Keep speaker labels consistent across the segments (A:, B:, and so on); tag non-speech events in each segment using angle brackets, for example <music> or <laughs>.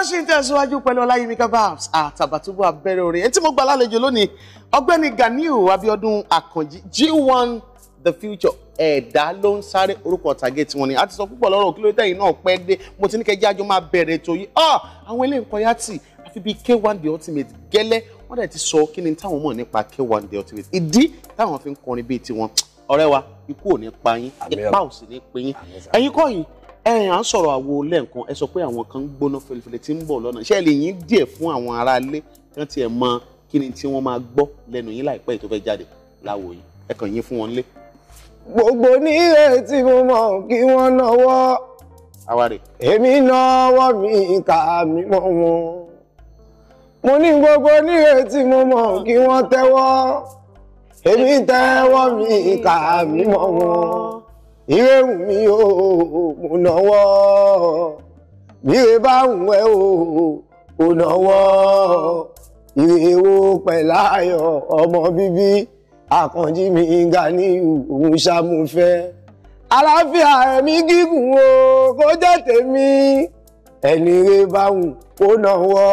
A: tó ṣì ń tẹ̀síwájú pẹ̀lú ọláyímíkà babs àtàbàtúbú abẹ́rẹ́ orin etí mo gbà lálejò lónìí ọgbẹ́ni ganiu abiodun akanji g1 the future ẹ̀dá ló ń sáré orúkọ ọ̀tàgé tiwọn ni a ti sọ púpọ̀ lọ́rọ̀ kí ló tẹ̀yìn náà pẹ́ dé mo ti ní kẹjá àjọ máa bẹ̀rẹ̀ ètò yìí ọ ah, àwọn ilé nǹkan yá tì àfi bíi k1 the ultimate gẹ́lẹ́ wọ́n dẹ̀ ti sọ kí ni táwọn mọ̀ nípa k1 the ultimate ìdí táwọn fi ń kọrin bíi tiwọn ọ̀rẹ́ wa ikú ò ní pa yín ipa ò sì ní pin yín ẹ̀yin kọ́ yìí ẹ̀yìn à ń sọ̀rọ̀ àwo lẹ́ẹ̀kan ẹ sọ pé àwọn kan ń gbóná fèlèfèlè tí ń bọ̀ lọ́nà ṣé ẹ lè yín díẹ̀ fún àwọn aráalé kán tiẹ̀ mọ kí ni tí wọ́n máa gbọ́ lẹ́nu yín láìpẹ́ tó fẹ́ jáde láwo yìí ẹ kàn yín fún wọn lé. gbogbo
B: nílé tí mo mọ̀ kí wọ́n náwó. àwárí. èmi náwó mi kà mí mọ́ wọn. mo ní gbogbo nílé tí mo mọ̀ kí wọ́n tẹ́wọ́. èmi tẹ́wọ́ mi kà mí mọ́ wọn ìrẹ́wù mi ò mú náwọ́ ìrẹ́ bá wù ẹ́ ò ò náwọ́ ìrẹ́ wo pẹ̀láyọ̀ ọmọ bíbí àkànjí mi ga ní òun ṣàmúfẹ́ àlàáfíà ẹ̀mí gígùn o kó jẹ́ tèmi ẹni ìrẹ́ bá wù ó náwọ́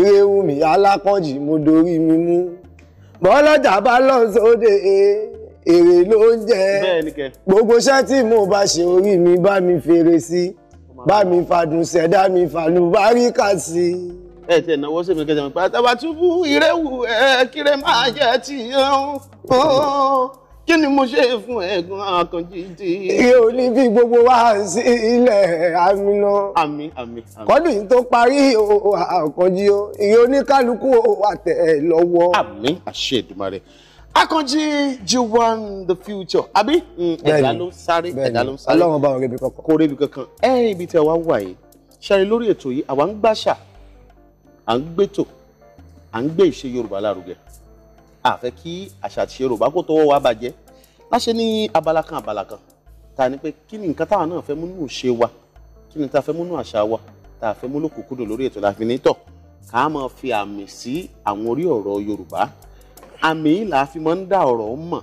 B: ìrẹ́ wù mí alákànjí mo dorí mi mú bọ́lọ́jà bá lọ sóde. So èrè ló ń jẹ́ gbogbo iṣẹ́ tí mo bá ṣe orí mi bá mi fèrè sí bá mi fàdùn ṣẹ̀dá
A: mi fàlùbáríkà sí i ẹ tẹ náwó sẹmi kẹsẹ mi pàtàkì àtúbù ìrẹwù ẹ kíre máa jẹ ti hàn kí ni mo ṣe fún ẹ̀gbọ́n àkànjì ti. iye
B: òní bí gbogbo wa sí ilẹ̀ amina. àmì àmì àmì. kọ́dún tó parí àkànjì o iye oníkálukú àtẹ̀ lọ́wọ́.
A: àmì àṣẹ Èdùmàrè. Akànjí Gwan the future àbí mm, ẹ̀dá ló ń sáré ẹ̀dá ló ń sáré ọlọ́run bá wọn rébi kankan kó rébi kankan ẹ̀yìn ibi tí a wá wà yìí ṣẹ́ni lórí ètò yìí àwa ń gbàṣà à ń gbẹ́tò à ń gbé ìṣe Yorùbá lárugẹ àfẹ́ kí àṣà àti Yorùbá kó tọwọ́ wa bàjẹ́ láṣẹ ní abala kan abala kan ta ni pé kí ni nǹkan táwa náà fẹ́ múnú ṣe wa kí ni ta fẹ́ múnú àṣà wa ta fẹ́ múnú kòkúdò lórí ètò láfi nítọ̀ ká máa fi àmì sí àwọn orí ọ̀rọ̀ Yorùbá àmì là á fi máa ń dá ọ̀rọ̀ mọ̀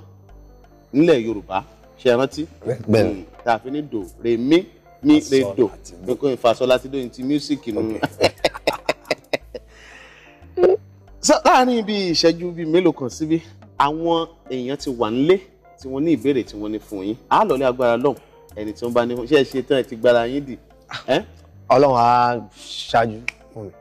A: nílẹ̀ yorùbá ṣe rántí hmm, tá a fi ní do re mi mi re do nǹkan ìfàsọ́lá ti dóyin ti mísíkì nù. <laughs> láàárín bíi ìṣẹ́jú bíi mélòó kan síbí àwọn èèyàn ti wà nílé tí wọ́n ní ìbéèrè tí wọ́n ní fún yín á lọ́ọ́ lé agbára lọ́hùn ẹni tí wọ́n bá ní ṣe é ṣe tán ẹ ti gbára yín dì. Ah, ọlọ́run á ṣáájú fún mi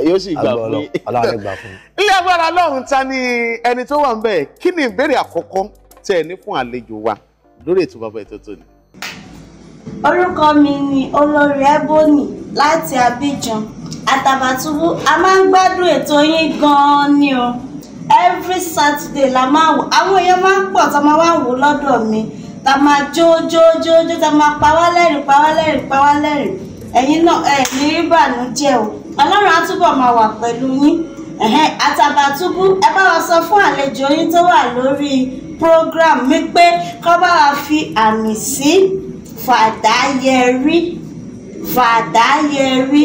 A: yóò sì gbà fún yín Ọlọ́run gbà fún yín. ilé agbára lọ́hùn ta ni ẹni tó wà ń bẹ̀ kí ni ìbéèrè àkọ́kọ́ tẹ ẹ ní fún àlejò wa lórí ètò bàbá ètò tòní. orúkọ mi ni olórí Ebony láti Abidjan Àtàbàtúbú a máa ń gbádùn ètò yín gan-an ni o every Saturday la máa wò àwọn èèyàn máa ń pọ̀ tó máa wá wò lọ́dọ̀ mi ta máa jó jó jó jó ta máa pa wá lẹ́rìn pa wá lẹ́rìn pa wá lẹ́rìn ẹ̀yin náà ẹ̀ ní rí bànújẹ́ o ọlọ́run á túbọ̀ máa wà pẹ̀lú yín àtàbàtúbú ẹ bá wa sọ fún àlejò yín tó wà lórí program mi pé kọ́ bá wa fi àmì sí fàdáyẹrí fàdáyẹrí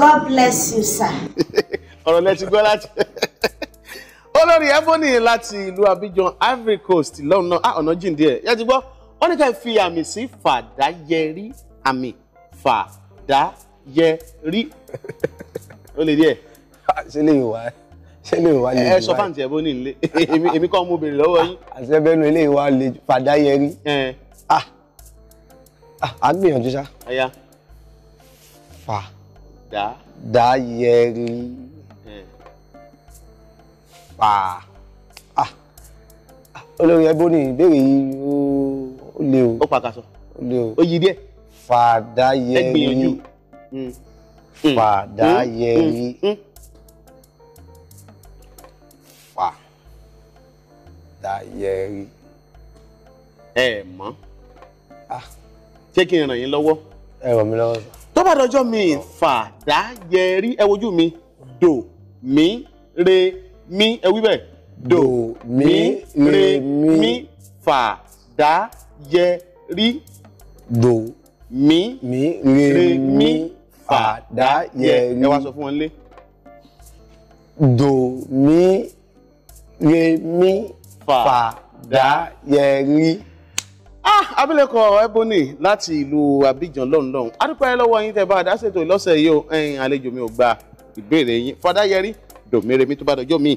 A: god bless you sir. <laughs> ọ̀rọ̀ lẹ́tí gbọ́ láti <laughs> olórí ebony láti ìlú abidjan ivory coast lọ́nà ah, ọ̀nà jìn díẹ̀ yẹ́ ti gbọ́ wọ́n ní ká fi àmì sí fàdáyẹrí àmì fàdáyẹrí. <laughs> ó lè díẹ̀. Ah, ṣé lè wá
B: ṣé lè wá lè wá. ẹ sọ fáǹtì
A: ẹ bó ní ilé èmi kàn mo béèrè lọ́wọ́ yín.
B: àṣẹbẹnu ilé wa lè fàdáyẹrí. Ah. Ah, a gbìyànjú sá. aya. fà. dá. dá yẹrí. fà. olórí ẹbọ ní ìbéèrè yìí ó le o. ó pàkàṣọ. ó le o. ó yí díẹ̀. fàdáyẹrí.
A: ẹ
B: Fàdáyẹrí. Mm,
A: mm, mm. Fàdáyẹrí. Ẹ mọ̀. Ah. Ṣé kí n ràn yín lọ́wọ́? Ẹ ràn mí lọ́wọ́. Tó bá dọjọ́ mi Fàdáyẹrí ẹ wojú mi Do mí re mí ẹ wí bẹ́ẹ̀ dò mí re mí Fàdáyẹrí. Do mí re mí. Fàdáyẹmí ẹ wá sọ fún wọn lé.
B: domi
A: remi Fàdáyẹmí. Ah, abilékọ Ebony láti ìlú Abidjan lọ́nlọ́n adúpẹ́ lọ́wọ́ yín tẹ́ bá a dá ṣètò ìlọ́sẹ̀ yìí o ẹ̀yin àlejò mi ò gba ìbéèrè yín Fàdáyẹmí dòmèrè mi tó bá dọjọ́ mi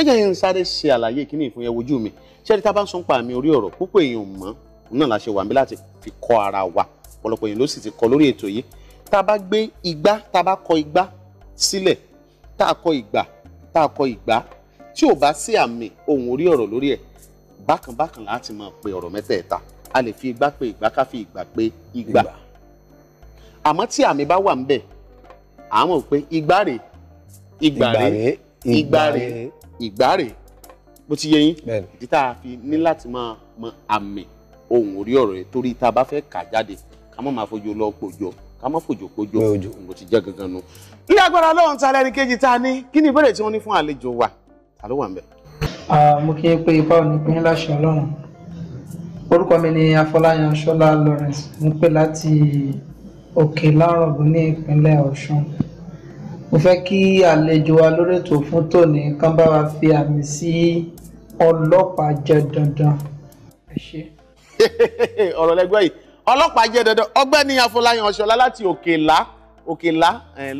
A: ẹ̀jẹ̀ yẹn ń sáré ṣe àlàyé kíní ìfún yẹn wojú mi ṣé ẹni tá a bá ń sọ́n pa orí ọ̀rọ̀ púpọ̀ èèyàn mọ́ náà la ṣe wà mí láti fi kọ́ ara wa ọ̀pọ̀lọpọ̀ èèyàn ló sì ti kọ́ lórí ètò yìí tá a bá gbé igbá tá a bá kọ igbá sílẹ̀ tá a kọ ìgbà tá a kọ ìgbá tí ò bá sí àmì ohùn orí ọ̀rọ̀ lórí ẹ̀ bákan bákan láti máa pe ọ̀rọ̀ mẹ́tẹ̀ẹ̀ta a lè fi igbá pe ìgbá ká fi ìgbà pe igbá àmọ́ tí àmì bá wà ńbẹ̀ à mọ̀ pé igbá rèé ìgbà rèé ìgbà rèé ìgbà rèé bó ti yé yín ìdí tá a fi ní láti máa mọ àmì ohùn orí ọ̀rọ̀ yẹn torí tá a bá fẹ́ kà jáde ká má máa fojú ọlọ́pọ̀ jọ ká má fòjò kójó mo ti jẹ́ gangan nu. ní agbára lọ́run ta lẹ́ni kejì ta ni kí ni ìbéèrè tí wọ́n ní fún àlejò wa ta ló wà ń
B: bẹ̀. mo kí n pé ipa ò pín láṣẹ ọlọ́run orúkọ mi ni afọláyan ṣọlá lawrence mo pè láti òkè lárọ̀gùn ní ìpínlẹ̀ ọ̀ṣun mo fẹ́ kí àlejò wa lórí ètò fún tòní kán bá wa fi àmì sí ọlọ́pàá jẹ dandan ẹ ṣe.
A: <laughs> ọ̀rọ̀ lẹ́gbẹ́ yìí ọlọ́pàá jẹ́ dandan ọgbẹ́ni afọláyàn ọ̀ṣọ́lá láti òkèlá òkèlá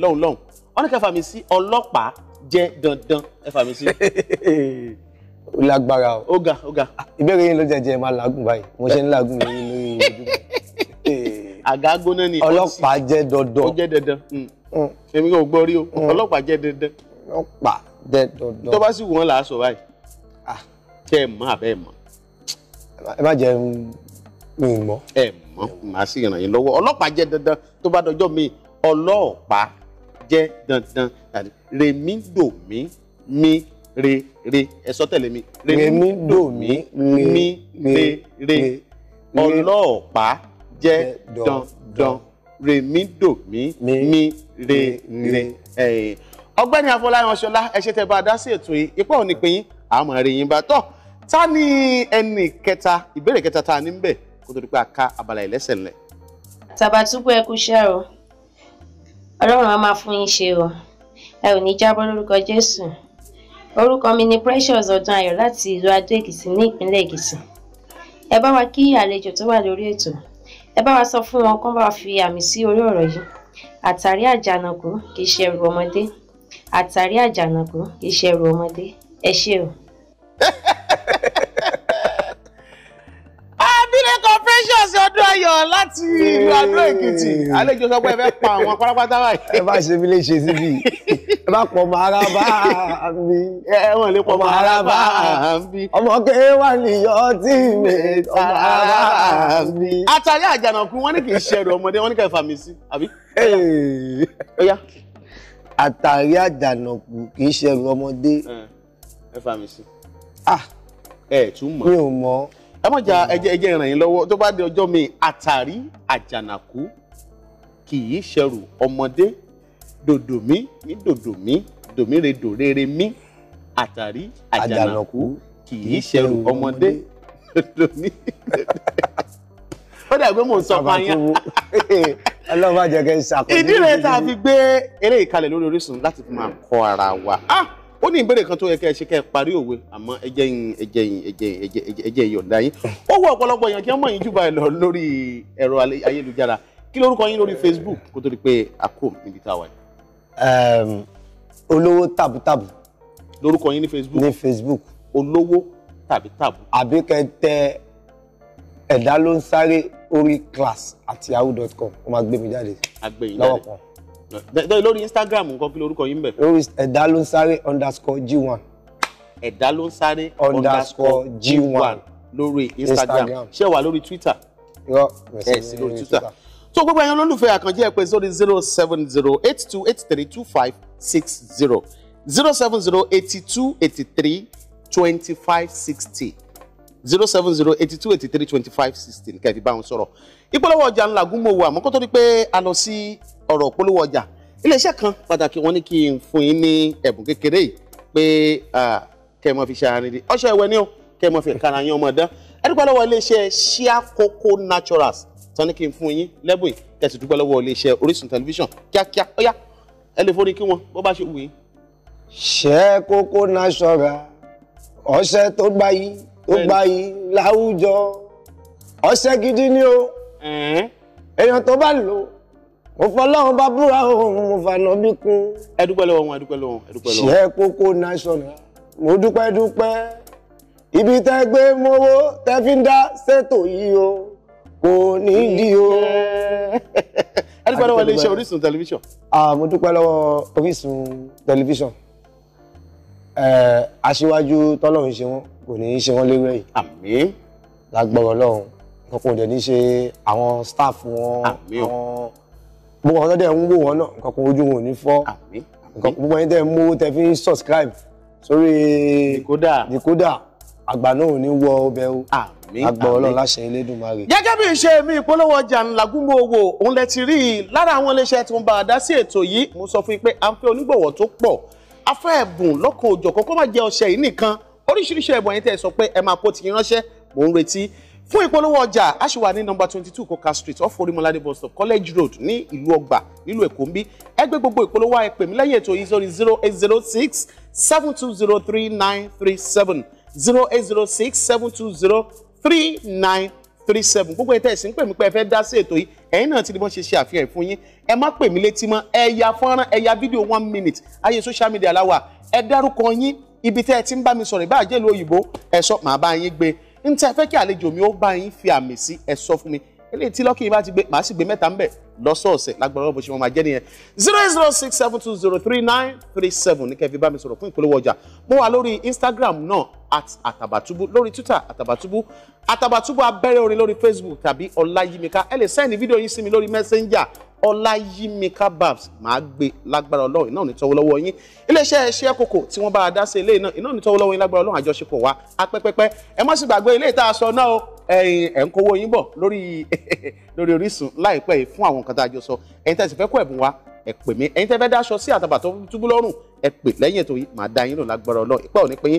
A: lọ́hùn lọ́hùn wọ́n ní kẹfà mi sí ọlọ́pàá jẹ́ dandan ẹfà mi sí. ó lágbára o. ó ga ó ga. ìbéèrè yín ló jẹjẹ máa làágùn báyìí mo ṣe ń làágùn lórí lórí ojú. àga gbóná ni ọlọ́pàá jẹ́ dandan. ó jẹ́ dandan èmi kò gbọ́ rí o ọlọ́pàá jẹ́ dandan. ọlọ́pàá jẹ́ dandan. tó bá sì wọ́n là á sọ báyìí. kẹ́ ẹ̀ mọ́ àbẹ́ ẹ̀ mọ́. ẹ má jẹ́ mi mọ́. ẹ m màá sì ràn yín lọ́wọ́ ọlọ́pàá jẹ́ dandan tó bá dọjọ́ mi ọlọ́pàá jẹ́ dandan rèmí dòmí mi re re ẹ sọ mi rèmí dòmí mi re re ọlọ́pàá jẹ́ dandan rèmí dòmí mi re re ọ̀gbẹ́ni afọláyanṣọlá ẹ ṣe bá a dá sí ètò yìí ipá ò ní pín yín àmọ́ rèyìn bá tọ ta ni ẹnì kẹta ìbéèrè kẹta ta ni ń bẹ kó tó di pé a ká abala ìlẹ́sẹ̀ ńlẹ̀. Tàbátúbú ẹ kú iṣẹ́ o ọlọ́run
B: á máa fún yín ṣe o ẹ ò ní jábọ́ lórúkọ Jésù orúkọ mi ni Precious Ọdúnayọ̀ láti ìlú Adó Èkìtì ní ìpínlẹ̀ Èkìtì ẹ bá wa kí àlejò tó wà lórí ètò ẹ bá wa sọ fún wọn kó bá wa fi àmì sí orí ọ̀rọ̀ yìí àtàrí àjànàkú kì í ṣe ẹrù ọmọdé àtàrí àjànàkú kì í ṣe ẹrù ọmọdé ẹ ṣé o.
A: <laughs> precious ọdún ayọ̀ láti ìlú Adó Èkìtì àlejò sọ pé ẹ fẹ́ pa àwọn pátápátá báyìí.
B: ẹ bá ṣe mi lè ṣe síbi ẹ bá pọ̀ mọ́ ara bá mi. ẹ wọ́n lè
A: pọ̀ mọ́ ara bá mi. ọmọ kéré wà níyọ tí mi ọmọ ara mi. àtàlẹ́ àjànàkú wọn ní kì í ṣẹrù ọmọdé wọn ní kẹfà mi sí àbí.
B: ó yá. àtàrí àjànàkú kì í ṣẹrù ọmọdé.
A: ẹ fà mí sí. ah ẹ tún mọ. mi ò mọ ẹ má jà ẹjẹ ẹjẹ ràn yín lọ́wọ́ tó bá di ọjọ́ mi àtàrí àjànàkú kì í ṣẹrù ọmọdé dòdòmí ní dòdòmí dòmírèdò rere mí àtàrí àjànàkú kì í ṣẹrù ọmọdé dòdòmí <laughs> ó dàgbé mò ń sọ fún yín <laughs> ọlọ́run bá jẹ́ kẹ́ ń ṣàkóso ìdí rẹ̀ tá a fi gbé eré ìkalẹ̀ lórí Orísun láti fi máa kọ́ ara wa. Ah! ó ní ìbéèrè kan tó yẹ kẹ́ ẹ ṣe kẹ́ ẹ parí òwe àmọ́ ẹ jẹ́ yín ẹ jẹ́ yín ẹ jẹ́ yín ẹ jẹ́ yọ̀ǹda yín ó wọ ọ̀pọ̀lọpọ̀ èèyàn kí wọ́n mọ̀ yín jù báyìí lọ lórí ẹ̀rọ ayélujára kí lórúkọ yín lórí Facebook kó tó di pé a kò níbi tá a wà yìí.
B: olówó tàbútàbù. lórúkọ yín ní Facebook. ní Facebook. olówó tàbútàbù. àbí kẹ́ tẹ ẹ̀dá ló ń sáré orí class àti yahoo dot com wọ́n máa gbé mi jáde lọ́wọ́ kan bẹ́ẹ̀ lórí instagram nǹkan kí lorúkọ yín bẹ̀.
A: lórí ẹ̀dá
B: ló ń underscore g one.
A: ẹ̀dá underscore g one lórí instagram ṣé wà lórí twitter. irọ́ ẹ̀ sí lórí twitter. tó gbogbo ẹ̀yàn lólùfẹ́ àkànjẹ́ ẹ̀pẹ́ sórí zero seven zero eight two eight three two five six zero zero seven zero eighty two eighty three twenty five sixty zero seven zero eighty two eighty three twenty five sixteen kẹ́ẹ̀fì bá wọn sọ̀rọ̀ ìpolówó ọjà ńlá gúnmọ̀wò àmọ́ kó tó di pé a lọ sí ọ̀rọ̀ polówó ọjà iléeṣẹ́ kan pàtàkì wọn ní kí n fún yín ní ẹ̀bùn kékeré yìí pé kẹ́ ẹ mọ fi ṣàárín di ọṣẹ ìwẹ̀ ni o kẹ́ ẹ mọ fi kára yín ọmọ dán ẹ lọ́wọ́ iléeṣẹ́ Shia Koko Naturals tán ní kí n fún yín lẹ́bùn yìí kẹ́ dúpẹ́ lọ́wọ́ iléeṣẹ́ Orísun tẹlifíṣàn kíákíá ó yá ẹ lè forí kí wọn bó bá ṣe wù yín.
B: Shia Koko Naturals ọṣẹ tó gbayì tó gbayì láwùjọ ọṣẹ gidi ni o èèyàn tó bá lò ó mo fọlọ́run bá búra òun mo
A: fànà bí kun. ẹ dúpẹ́ lọ́wọ́ wọn ẹ dúpẹ́ lọ́wọ́
B: ẹ kókó national mo dúpẹ́ dúpẹ́ ibi tẹ́ gbé mowó tẹ́ fi ń dá ṣètò yìí o kò ní di
A: o. ẹ dúpẹ́ lọ́wọ́ ilé iṣẹ́ Orísun tẹlifíṣàn.
B: mo dúpẹ́ lọ́wọ́ Orísun tẹlifíṣàn aṣíwájú tọ́lọ́run ṣe wọ́n kò ní í ṣe wọ́n lérú ẹ̀yìn. àmín. lágbọ́rọ̀ lọ́hùn-ún wọn kò dẹ̀ ní ṣe àwọn staff wọn àwọn gbogbo àwọn tọ́jú ẹ̀ ń wò wọ́n náà nǹkan kan ojú wọn ò ní fọ́ nǹkan gbogbo ẹni tẹ́ ń mú tẹ́ fi ń subscribe sórí dìkódà àgbà náà ò ní wọ ọbẹ̀ o àgbà ọlọ́run láṣẹ Elédùmarè. gẹ́gẹ́
A: bí ìṣe mi ìpolówó ọjà ńlágúnmọ́ owó òun lẹ ti rí i lára àwọn iléeṣẹ́ tó ń bá a dá sí ètò yìí mo sọ fún yín pé à ń fẹ́ onígbọ̀wọ́ tó pọ̀ a fẹ́ ẹ̀bùn lọ́kàn òjọ̀kan kó má jẹ́ ọṣẹ yìí nìkan oríṣiríṣi ẹ̀bùn ẹ̀yin tẹ́ sọ pé ẹ máa kó ti ránṣẹ́ mò ń retí fún ìpolówó ọjà a ṣì wà ní nọ́mbà twenty two coca street off orimolade bus stop college road ní ìlú ọgbà nílùú èkó ń bí ẹ gbé gbogbo ìpolówó ẹ mí lẹ́yìn ètò yìí sórí zero eight zero six seven two zero three nine three seven zero eight zero six seven two zero three nine three seven gbogbo ẹ̀tẹ́ ẹ̀sìn pè mí pé ẹ fẹ́ dá sí ètò yìí ẹ̀yin náà ti ní bọ́n ṣe ṣe àfihàn fún yín ẹ má pè mí létí mọ́ ẹ fọ́nrán ẹ fídíò one minute ayé social media la wà ẹ dárúkọ yín ibi tẹ́ ẹ ti ń bá mi sọ̀rọ̀ ìbáà ìlú òyìnbó ẹ sọ màá bá yín gbé n tẹ́ fẹ́ kí àlejò mi ó bá yín fi àmì sí ẹ sọ fún mi eléyìí tí lọ́kì yìí bá ti gbé màá sì gbé mẹ́ta ń bẹ̀ lágbára ọ̀bọ̀ ṣe wọn máa nìyẹn zero eight zero six seven two zero three nine three seven ní kẹfì bá mi sọ̀rọ̀ fún ìpolówó ọjà mo wà lórí Instagram náà at atabatubu lórí Twitter atabatubu atabatubu abẹ́rẹ́ orin lórí Facebook tàbí ọláyímíká ẹ lè sẹ́ẹ̀nì fídíò yín sí mi lórí Messenger ọláyímíkà babs màá gbé lágbára ọlọ́run iná ní tọwọ́ lọ́wọ́ yín iléeṣẹ́ iṣẹ́ kòkò tí wọ́n bá a dá sí ilé iná iná ní tọwọ́ lọ́wọ́ yín lágbára ọlọ́run àjọṣepọ̀ wa apẹ́pẹ́pẹ́ ẹ má sì gbàgbé ilé ìta aṣọ náà o ẹ̀yin ẹ̀ ń kówó yín bọ̀ lórí <laughs> lórí Orísun láìpẹ́ yìí fún àwọn nǹkan tá a jọ sọ ẹ̀yin tẹ́ sì fẹ́ kó ẹ̀bùn wa ẹ pè mí ẹ̀yin tẹ́ fẹ́ dáṣọ sí àtàbà tó túbú lọ́rùn ẹ pè lẹ́yìn ètò yìí màá da yín lò lágbára ọlọ́run ìpẹ́ òní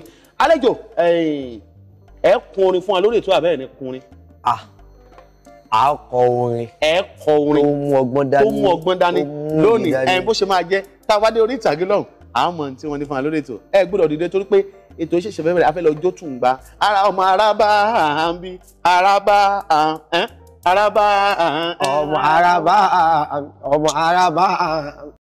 A: pé ah a kọ orin. ẹ kọ orin tó mú ọgbọ́n dání tó mú ọgbọ́n dání lónìí ẹ bó ṣe máa jẹ tá a wá dé orí ìtàgé lọ́hùn àmọ́ tí wọ́n ní fún wa lórí ètò ẹ gbọ́dọ̀ dìde torí pé ètò ìṣẹ̀ṣẹ̀ fẹ́ bẹ̀rẹ̀ afẹ́ lọ jó tùǹgbà ara ọmọ araba àhán bí araba àhán araba àhán. ọmọ araba àhán ọmọ araba àhán.